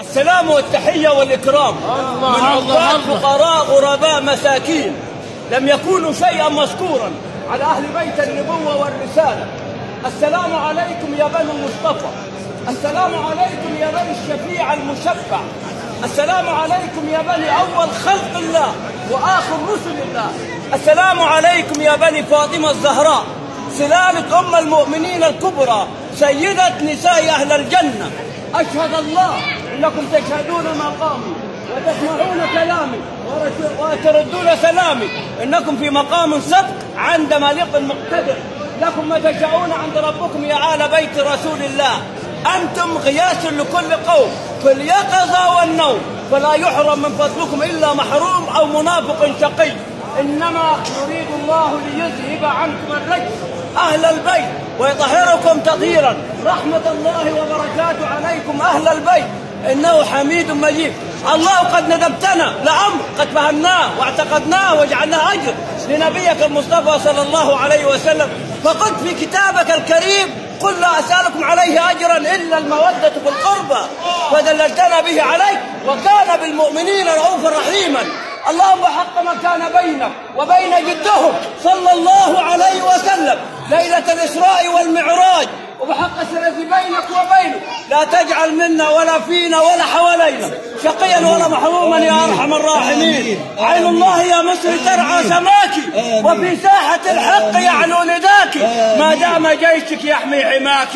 السلام والتحية والإكرام من عقبال فقراء غرباء مساكين لم يكونوا شيئا مشكورا على أهل بيت النبوة والرسالة السلام عليكم يا بني المصطفى السلام عليكم يا بني الشفيع المشفع السلام عليكم يا بني أول خلق الله وآخر رسل الله السلام عليكم يا بني فاطمة الزهراء سلالة أم المؤمنين الكبرى سيدة نساء أهل الجنة أشهد الله انكم تشهدون مقامي وتسمعون كلامي وتردون سلامي انكم في مقام صدق عند مليق مقتدر لكم ما تشاءون عند ربكم يا ال بيت رسول الله انتم غياث لكل قوم في اليقظه والنوم فلا يحرم من فضلكم الا محروم او منافق شقي انما يريد الله ليذهب عنكم الرجس اهل البيت ويطهركم تطهيرا رحمه الله وبركاته عليكم اهل البيت إنه حميد مجيد الله قد ندبتنا لأمر قد فهمناه واعتقدناه وجعلناه أجر لنبيك المصطفى صلى الله عليه وسلم فقلت في كتابك الكريم قل لا أسألكم عليه أجرا إلا المودة في القربى فدللتنا به عليك وكان بالمؤمنين رؤوفا رحيما اللهم حق ما كان بينك وبين جدهم صلى الله عليه وسلم ليلة الإسراء والمعراج لا تجعل منا ولا فينا ولا حوالينا شقيا ولا محروما يا ارحم الراحمين عين الله يا مصر ترعى سماكي وفي ساحه الحق يعلو نداك ما دام جيشك يحمي عماك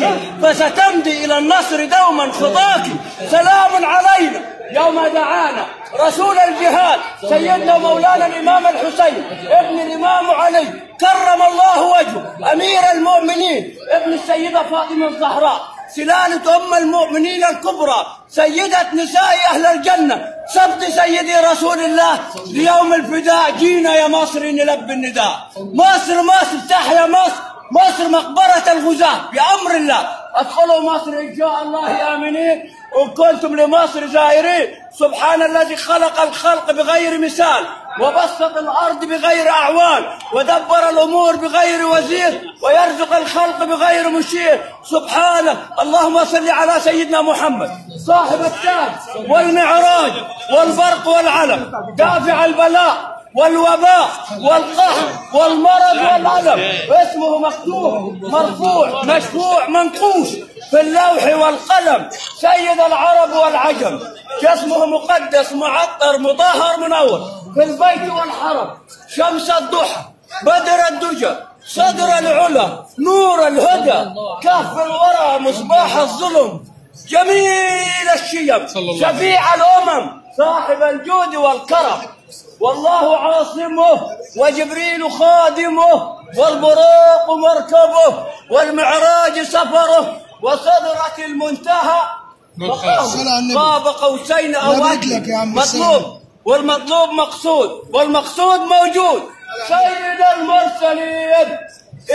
فستمضي الى النصر دوما خطاك سلام علينا يوم دعانا رسول الجهاد سيدنا مولانا الامام الحسين ابن الامام علي كرم الله وجهه امير المؤمنين ابن السيده فاطمه الزهراء سلالة أم المؤمنين الكبرى سيدة نساء أهل الجنة سبت سيدي رسول الله ليوم الفداء جينا يا مصر نلبي النداء مصر مصر تحيا مصر مصر مقبرة الغزاة بأمر الله ادخلوا مصر إن شاء الله آمنين وكنتم لمصر زائرين سبحان الذي خلق الخلق بغير مثال وبسط الارض بغير اعوان ودبر الامور بغير وزير ويرزق الخلق بغير مشير سبحانه اللهم صل على سيدنا محمد صاحب التاج والمعراج والبرق والعلم دافع البلاء والوباء والقهر والمرض والألم اسمه مكتوب مرفوع مشفوع منقوش في اللوح والقلم سيد العرب والعجم جسمه مقدس معطر مطهر منور في البيت والحرم شمس الضحى بدر الدجى صدر العلا نور الهدى كهف الورى مصباح الظلم جميل الشيم شفيع الامم صاحب الجود والكرم والله عاصمه وجبريل خادمه والبراق مركبه والمعراج سفره وصدرة المنتهى مقام باب قوسين او مطلوب والمطلوب مقصود والمقصود موجود سيد المرسلين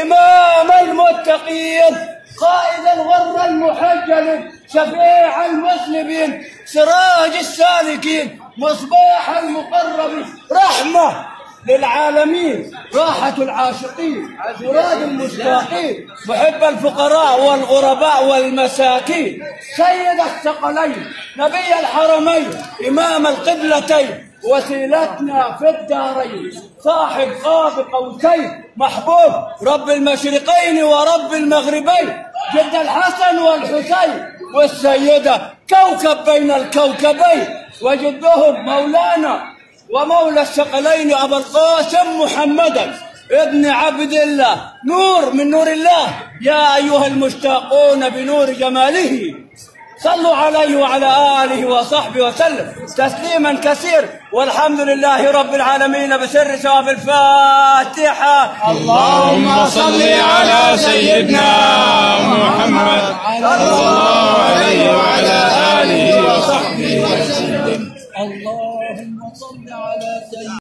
إمام المتقين قائد الغر المحجل شفيع المسلمين سراج السالكين مصباح المقرب رحمة للعالمين راحة العاشقين مراد المشتاقين محب الفقراء والغرباء والمساكين سيد الثقلين نبي الحرمين إمام القبلتين وسيلتنا في الدارين صاحب قاب قوسين محبوب رب المشرقين ورب المغربين جد الحسن والحسين والسيدة كوكب بين الكوكبين وجدهم مولانا ومولى الثقلين أبا القاسم محمدا ابن عبد الله نور من نور الله يا أيها المشتاقون بنور جماله صلوا عليه وعلى آله وصحبه وسلم تسليما كثيرا والحمد لله رب العالمين بسر ثواب الفاتحة اللهم صل على سيدنا محمد